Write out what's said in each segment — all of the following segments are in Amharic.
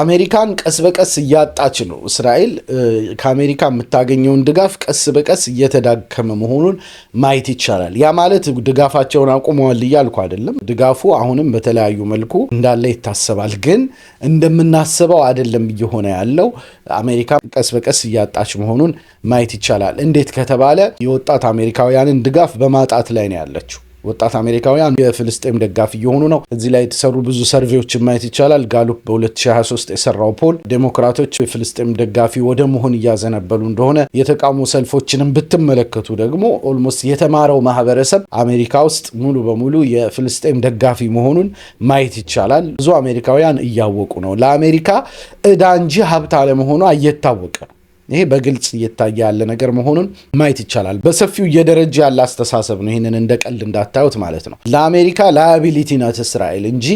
አሜሪካን ቀስ በቀስ እያጣች ነው። እስራኤል ከአሜሪካ የምታገኘውን ድጋፍ ቀስ በቀስ እየተዳከመ መሆኑን ማየት ይቻላል። ያ ማለት ድጋፋቸውን አቁመዋል እያልኩ አይደለም። ድጋፉ አሁንም በተለያዩ መልኩ እንዳለ ይታሰባል። ግን እንደምናስበው አይደለም እየሆነ ያለው። አሜሪካ ቀስ በቀስ እያጣች መሆኑን ማየት ይቻላል። እንዴት ከተባለ የወጣት አሜሪካውያንን ድጋፍ በማጣት ላይ ነው ያለችው። ወጣት አሜሪካውያን የፍልስጤም ደጋፊ እየሆኑ ነው። እዚህ ላይ የተሰሩ ብዙ ሰርቬዎችን ማየት ይቻላል። ጋሉፕ በ2023 የሰራው ፖል ዴሞክራቶች የፍልስጤም ደጋፊ ወደ መሆን እያዘነበሉ እንደሆነ፣ የተቃውሞ ሰልፎችንም ብትመለከቱ ደግሞ ኦልሞስት የተማረው ማህበረሰብ አሜሪካ ውስጥ ሙሉ በሙሉ የፍልስጤም ደጋፊ መሆኑን ማየት ይቻላል። ብዙ አሜሪካውያን እያወቁ ነው። ለአሜሪካ እዳ እንጂ ሀብት አለመሆኗ እየታወቀ ነው። ይሄ በግልጽ እየታየ ያለ ነገር መሆኑን ማየት ይቻላል። በሰፊው እየደረጀ ያለ አስተሳሰብ ነው። ይህንን እንደ ቀልድ እንዳታዩት ማለት ነው። ለአሜሪካ ላያቢሊቲ ናት እስራኤል እንጂ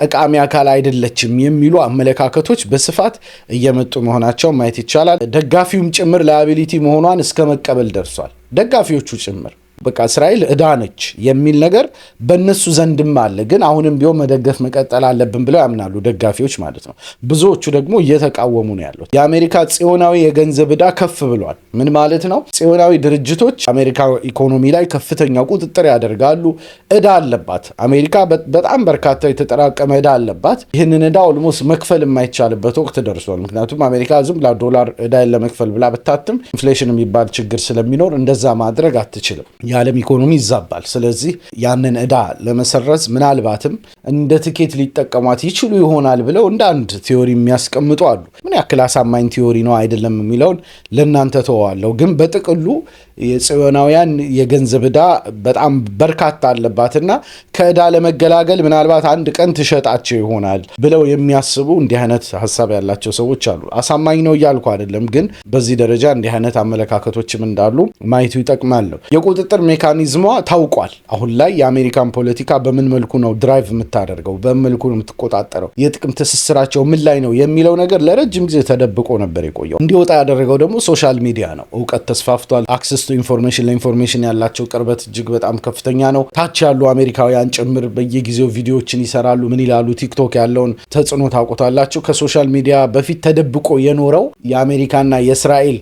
ጠቃሚ አካል አይደለችም የሚሉ አመለካከቶች በስፋት እየመጡ መሆናቸው ማየት ይቻላል። ደጋፊውም ጭምር ላያቢሊቲ መሆኗን እስከ መቀበል ደርሷል። ደጋፊዎቹ ጭምር በቃ እስራኤል እዳ ነች የሚል ነገር በእነሱ ዘንድም አለ። ግን አሁንም ቢሆን መደገፍ መቀጠል አለብን ብለው ያምናሉ ደጋፊዎች ማለት ነው። ብዙዎቹ ደግሞ እየተቃወሙ ነው ያሉት። የአሜሪካ ጽዮናዊ የገንዘብ እዳ ከፍ ብሏል። ምን ማለት ነው? ጽዮናዊ ድርጅቶች አሜሪካ ኢኮኖሚ ላይ ከፍተኛ ቁጥጥር ያደርጋሉ። እዳ አለባት አሜሪካ። በጣም በርካታ የተጠራቀመ እዳ አለባት። ይህንን እዳ ኦልሞስት መክፈል የማይቻልበት ወቅት ደርሷል። ምክንያቱም አሜሪካ ዝም ብላ ዶላር እዳ ለመክፈል ብላ ብታትም ኢንፍሌሽን የሚባል ችግር ስለሚኖር እንደዛ ማድረግ አትችልም። የዓለም ኢኮኖሚ ይዛባል። ስለዚህ ያንን እዳ ለመሰረዝ ምናልባትም እንደ ትኬት ሊጠቀሟት ይችሉ ይሆናል ብለው እንደ አንድ ቲዮሪ የሚያስቀምጡ አሉ። ምን ያክል አሳማኝ ቲዮሪ ነው አይደለም የሚለውን ለእናንተ ተወዋለሁ። ግን በጥቅሉ የጽዮናውያን የገንዘብ እዳ በጣም በርካታ አለባትና ከእዳ ለመገላገል ምናልባት አንድ ቀን ትሸጣቸው ይሆናል ብለው የሚያስቡ እንዲህ አይነት ሀሳብ ያላቸው ሰዎች አሉ። አሳማኝ ነው እያልኩ አይደለም፣ ግን በዚህ ደረጃ እንዲህ አይነት አመለካከቶችም እንዳሉ ማየቱ ይጠቅማለሁ። የቁጥጥር የቁጥጥር ሜካኒዝሟ ታውቋል። አሁን ላይ የአሜሪካን ፖለቲካ በምን መልኩ ነው ድራይቭ የምታደርገው፣ በምን መልኩ ነው የምትቆጣጠረው፣ የጥቅም ትስስራቸው ምን ላይ ነው የሚለው ነገር ለረጅም ጊዜ ተደብቆ ነበር የቆየው። እንዲወጣ ያደረገው ደግሞ ሶሻል ሚዲያ ነው። እውቀት ተስፋፍቷል። አክሰስ ቱ ኢንፎርሜሽን፣ ለኢንፎርሜሽን ያላቸው ቅርበት እጅግ በጣም ከፍተኛ ነው። ታች ያሉ አሜሪካውያን ጭምር በየጊዜው ቪዲዮዎችን ይሰራሉ። ምን ይላሉ? ቲክቶክ ያለውን ተጽዕኖ ታውቁታላችሁ። ከሶሻል ሚዲያ በፊት ተደብቆ የኖረው የአሜሪካና የእስራኤል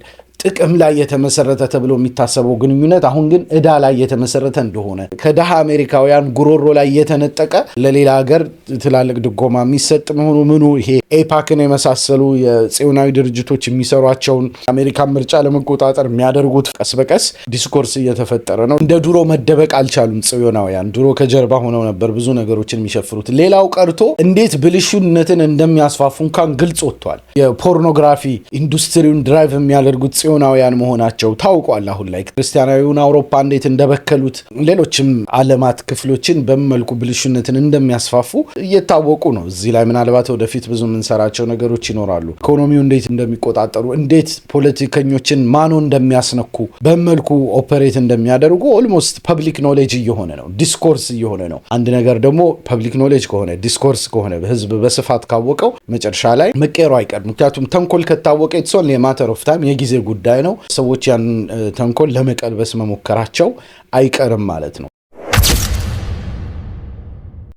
ጥቅም ላይ የተመሰረተ ተብሎ የሚታሰበው ግንኙነት አሁን ግን እዳ ላይ የተመሰረተ እንደሆነ ከድሃ አሜሪካውያን ጉሮሮ ላይ የተነጠቀ ለሌላ ሀገር ትላልቅ ድጎማ የሚሰጥ መሆኑ ምኑ ይሄ ኤፓክን የመሳሰሉ የጽዮናዊ ድርጅቶች የሚሰሯቸውን አሜሪካን ምርጫ ለመቆጣጠር የሚያደርጉት ቀስ በቀስ ዲስኮርስ እየተፈጠረ ነው። እንደ ድሮ መደበቅ አልቻሉም። ጽዮናውያን ድሮ ከጀርባ ሆነው ነበር ብዙ ነገሮችን የሚሸፍሩት። ሌላው ቀርቶ እንዴት ብልሹነትን እንደሚያስፋፉ እንኳን ግልጽ ወጥቷል። የፖርኖግራፊ ኢንዱስትሪውን ድራይቭ የሚያደርጉት ጽዮ ጽዮናውያን መሆናቸው ታውቋል። አሁን ላይ ክርስቲያናዊውን አውሮፓ እንዴት እንደበከሉት ሌሎችም ዓለማት ክፍሎችን በመልኩ ብልሹነትን እንደሚያስፋፉ እየታወቁ ነው። እዚህ ላይ ምናልባት ወደፊት ብዙ የምንሰራቸው ነገሮች ይኖራሉ። ኢኮኖሚው እንዴት እንደሚቆጣጠሩ፣ እንዴት ፖለቲከኞችን ማኖ እንደሚያስነኩ በመልኩ ኦፐሬት እንደሚያደርጉ ኦልሞስት ፐብሊክ ኖሌጅ እየሆነ ነው፣ ዲስኮርስ እየሆነ ነው። አንድ ነገር ደግሞ ፐብሊክ ኖሌጅ ከሆነ ዲስኮርስ ከሆነ ህዝብ በስፋት ካወቀው መጨረሻ ላይ መቀየሩ አይቀርም። ምክንያቱም ተንኮል ከታወቀ ኢትስ ማተር ኦፍ ታይም የጊዜ ጉዳይ ጉዳይ ነው። ሰዎች ያን ተንኮል ለመቀልበስ መሞከራቸው አይቀርም ማለት ነው።